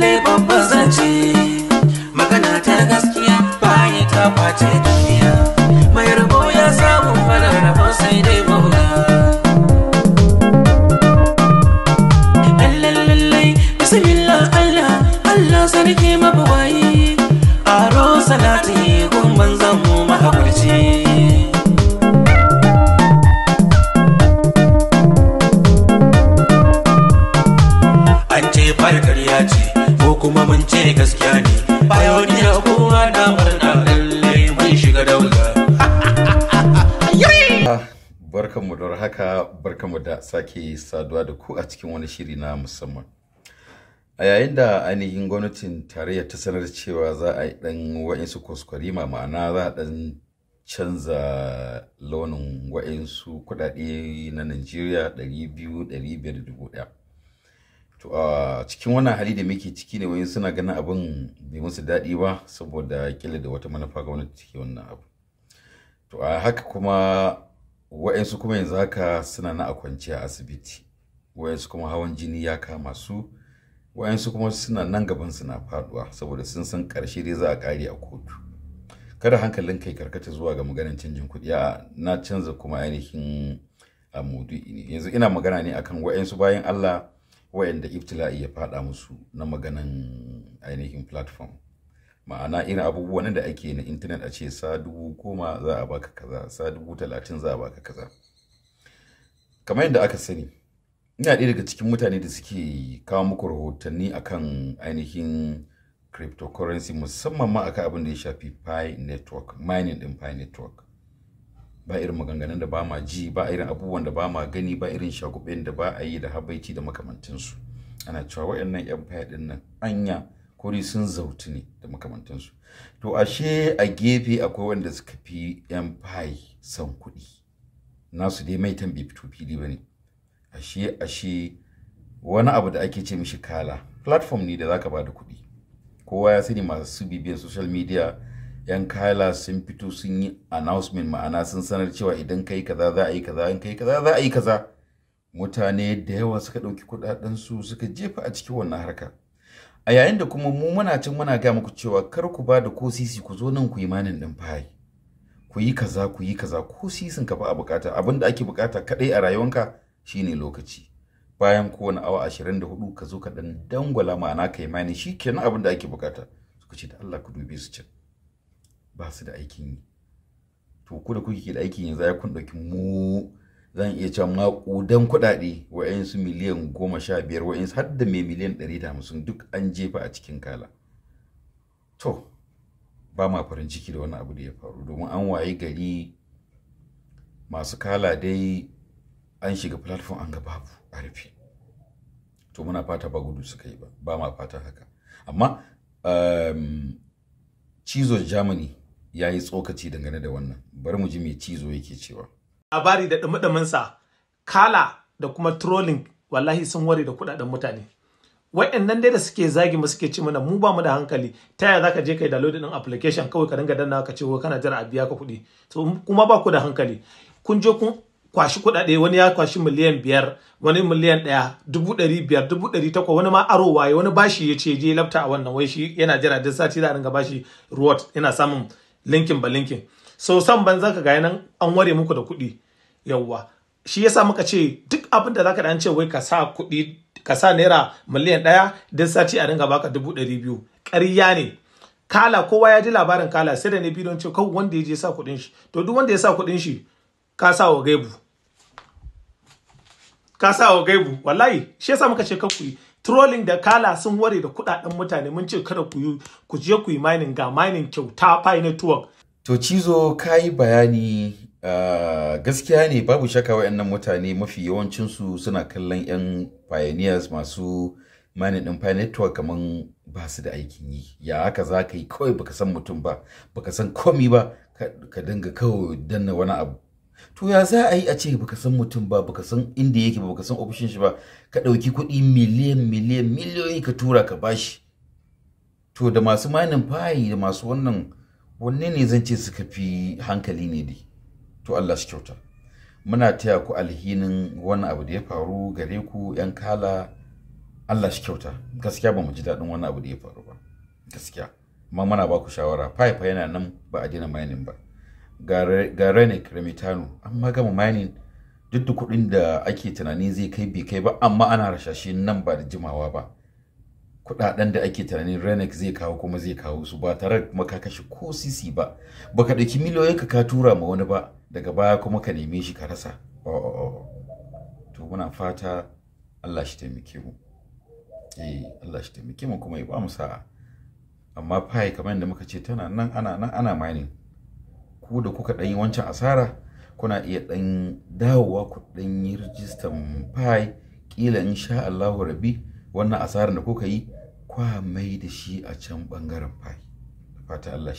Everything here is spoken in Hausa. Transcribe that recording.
lalle babban zance magana ta gaskiya bayi ta kwace bayoniya kowa na murna lallai mun shiga daula ah, mu da haka mu da sake saduwa da ku a cikin wani shiri na musamman a yayin da ainihin gwamnatin tarayya ta sanar cewa za a yi dan wa'insu kwaskwarima ma'ana za a ɗan canza launin wa'insu kuɗaɗe na najeriya 200 500 to a cikin wannan hali da muke ciki ne wani suna ganin abin bai musu daɗi ba saboda kila da wata manufa wani ciki wannan abu to a haka kuma wa'ansu kuma yanzu haka suna na a kwanciya asibiti wa'ansu kuma hawan jini ya kama su wa'ansu kuma suna nan gaban suna faduwa saboda sun san karshe dai za a kare a kotu kada hankalin kai karkata zuwa ga maganar canjin kuɗi a na canza kuma ainihin a mudu. ne yanzu ina magana ne akan wa'ansu bayan Allah wayanda iftila'i ya fada musu na maganan ainihin platform ma'ana irin abubuwan da ake na intanet a ce sa dubu goma za a baka kaza sa dubu talatin za a baka kaza kamar yadda aka sani ina ɗaya daga cikin mutane da suke kawo muku rahotanni akan ainihin cryptocurrency musamman ma akan abin da ya shafi pi network mining din pi network ba irin maganganun da ba ma ji ba irin abubuwan da ba ma gani ba irin shagubin da ba a yi da habaici da makamantansu ana cewa waɗannan yan faya ɗin nan anya kori sun zautu ne da makamantansu to ashe a gefe akwai wanda suka fi yan fayi son kuɗi nasu dai mai tambi fito fili ba ne ashe ashe wani abu da ake ce mishi kala platform ne da zaka ba da kuɗi kowa ya sani masu bibiyar social media yan kaila sun fito sun yi announcement ma'ana sun sanar cewa idan kai kaza za a yi kaza in kai kaza za a yi kaza mutane da yawa suka ɗauki kuɗaɗen su suka jefa a cikin wannan harka a yayin da kuma mu muna can muna ga muku cewa kar ku ba da ko ku zo nan ku yi manin din fayi ku yi kaza ku yi kaza ko sisin ka ba a bukata abin da ake bukata kaɗai a rayuwanka shine lokaci bayan kowane awa ashirin 24 ka zo ka dan dangwala ma'ana ka yi manin shi kenan abin da ake bukata suka ce da Allah ku dube su can ba su da aikin yi to ku da kuke da aikin yanzu ya kun ɗauki mu zan iya cewa maƙudan kuɗaɗe wa'yansu miliyan goma sha biyar wa'yansu har da mai miliyan ɗari da hamsin duk an jefa a cikin kala to ba ma farin ciki da wani abu da ya faru domin an wayi gari masu kala dai an shiga platform an ga babu a rufe to muna fata ba gudu suka yi ba ba ma fata haka amma um, germany ya yi tsokaci dangane da wannan bari mu ji mai cizo yake cewa labari da dumi sa kala da kuma trolling wallahi sun ware da kudaden mutane wayannan dai da suke zagi mu suke ci mana mu ba mu da hankali ta yaya zaka je kai download din application kawai ka dinga danna ka ce wai kana jira a biya ka kuɗi to kuma ba ku da hankali kun je kun kwashi kuɗaɗe wani ya kwashi miliyan biyar wani miliyan ɗaya dubu dari biyar dubu dari takwas wani ma aro waye wani bashi ya ce je lafta a wannan wai shi yana jira duk sati za a dinga bashi ruwat yana samun linkin ba linkin so san ban zaka ga nan an ware muku da kuɗi yawwa shi yasa muka ce duk abin da zaka dan ce wai ka sa kuɗi ka sa naira miliyan ɗaya don sati a dinga baka dubu ɗari biyu ƙarya ne kala kowa ya ji labarin kala sai da ne don ce kawai wanda ya je sa kuɗin shi to duk wanda ya sa kuɗin shi ka sa wa gaibu ka sa wa gaibu wallahi shi yasa muka ce kanku trolling da kala sun ware da kudaden mutane mun ce kada ku ku je ku yi mining ga mining kyauta pi network to cizo kai bayani uh, gaskiya ne babu shakka wayannan mutane mafi yawancin su suna kallon yan pioneers masu mining din pi network kaman ba su da aikin yi ya haka za ka yi kawai baka san mutum ba baka san komi ba ka dinga kawai danna wani abu to ya za a yi a ce baka san mutum ba baka san inda yake ba baka san ofishin shi ba ka ɗauki kuɗi miliyan miliyan miliyoyi ka tura ka bashi to da masu manin fayi da masu wannan wanne ne zan ce suka fi hankali ne dai to Allah shi kyauta muna taya ku alhinin wani abu da ya faru gare ku yan kala Allah shi kyauta gaskiya ba mu ji daɗin wani abu da ya faru ba gaskiya amma muna ba ku shawara fayi fa yana nan ba a daina mainin ba ga renick remitano an magama mining duk da kuɗin da ake tunanin zai kai bai kai ba amma ana rashashe nan ba da jimawa ba kuɗaɗen da ake tunanin renek zai kawo kuma zai kawo su ba tare kuma ka kashe ko sisi ba ka ɗauki miliyoyin ka tura ma wani ba daga baya kuma ka neme shi ka rasa oh, oh, oh. to muna fata Allah shi taimake mu eh Allah shi taimake mu kuma ya ba mu sa'a amma fai kamar yadda muka ce tana nan ana nan ana mining ku da kuka ɗan yi wancan asara kuna iya ɗan dawowa ku yi rijistan pi ƙila in sha Allahu rabi wannan asarar da kuka yi kwa mai da shi a can ɓangaren pi fata Allah